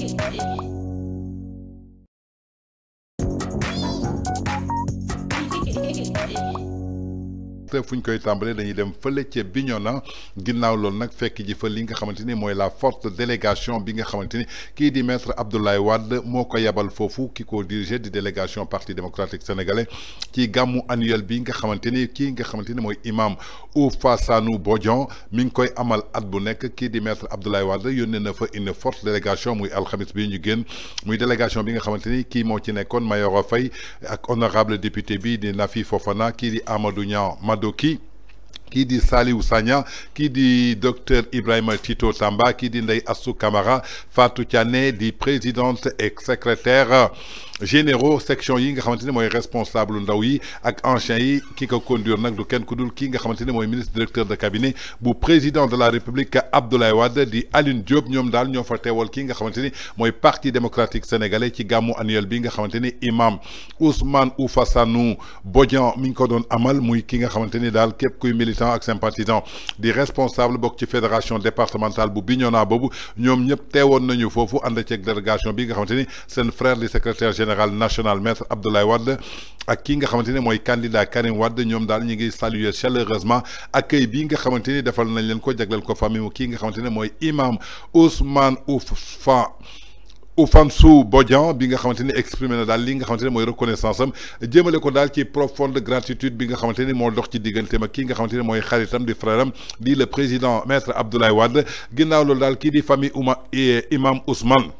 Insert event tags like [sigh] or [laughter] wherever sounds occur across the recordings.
Thank [laughs] you. te koy tambalé dañuy dem fële ca Bignona ginnaw lool qu'il fekk ji fa li nga xamanteni moy la forte délégation bi nga xamanteni ki di maître Abdoulaye Wade moko yabal fofu ki ko dirigeait di délégation parti démocratique sénégalais ci gamu annuel bi nga xamanteni qui nga xamanteni moy ou imam Oufassanou nous mi ngi koy amal at bu nek ki di maître Abdoulaye Wade yonne na fa une forte délégation muy hamid bi ñu genn muy délégation bi nga xamanteni qui mo ci maillot Mayor Faye ak honorable député bi di Nafi Fofana ki di Amadou Niang qui qui dit Sali Sagna qui dit docteur Ibrahim Tito Tamba qui dit Ndeye Assou Camara Fatou Thiané dit présidente et secrétaire généraux section yi nga xamanteni moy responsable ndaw yi ak ancien yi ki ko conduire nak du ken ku dul nga xamanteni moy ministre directeur de cabinet bu président de la république Abdoulaye Wade di Aline Diop ñom dal ñoo fa teewal kii nga xamanteni moy parti démocratique sénégalais ci gamu annuel bi nga xamanteni imam Ousmane Oufassanou Bodian mi ko don amal muy ki nga xamanteni dal kep kuy militant ak sympathisant di responsable bok ci fédération départementale bu Bignona bobu ñom ñep téwon nañu fofu and ci délégation bi nga xamanteni sen frère di secrétaire général général national maître Abdoulaye Wade ak ki nga xamanteni moy candidat Karim Wade ñom dal ñi ngi saluer chaleureusement accueil bi nga xamanteni defal nañ leen ko jagleel ko famille ki nga xamanteni moy imam Ousmane Oufa. Oufansou Bodian bi nga xamanteni exprimer exprimé na dal li nga reconnaissance am jëmale ko dal ci profonde gratitude bi nga xamanteni mo qui dox ci digganteem ak ki nga xamanteni xaritam di frère le président maître Abdoulaye Wade ginnaw lool dal ki di famille Ouma eh, imam Ousmane.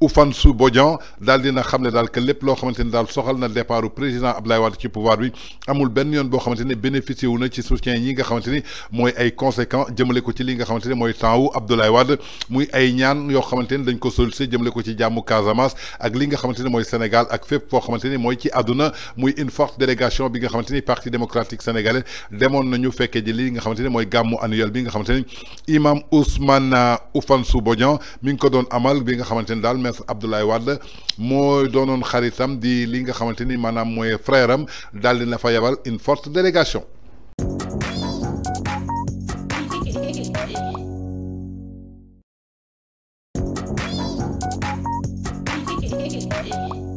Oufansou Bodian daal dina xam ne daal que lépp loo xamante ni soxal président Abdoulaye Wade qui pouvoir lui amul Benyon yoon bénéficie ou ne bénéficié wu na ci soutien yi conséquent jëmale ko ci li nga en haut Abdoulaye Wade muy ay ñaan yo xamante ni dañ ko sollicité de ko ci jàmmu Casamance ak Sénégal ak fépp moi qui ni moi une forte délégation bi nga parti démocratique sénégalais demoon nañu fekkee ji li nga Gamou ni mooy imam Ousmane Oufansou Bodian mi ngi amal bi nga maître Abdoulaye Wade moy doonoon xaritam di li nga xamante ni maanaam mooy frère am daal dina fa yabal une forte délégation. Thank you.